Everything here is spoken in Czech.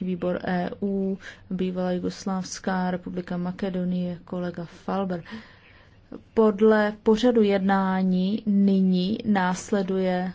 výbor EU, bývalá Jugoslávská republika Makedonie, kolega Falber. Podle pořadu jednání nyní následuje